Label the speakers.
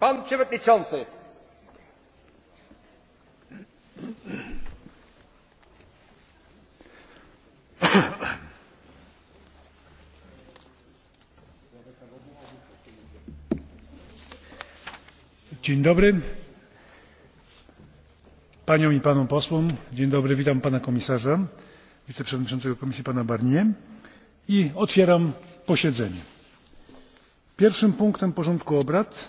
Speaker 1: Pan Przewodniczący!
Speaker 2: Dzień dobry paniom i panom posłom. Dzień dobry, witam pana komisarza, wiceprzewodniczącego komisji pana Barnier i otwieram posiedzenie. Pierwszym punktem porządku obrad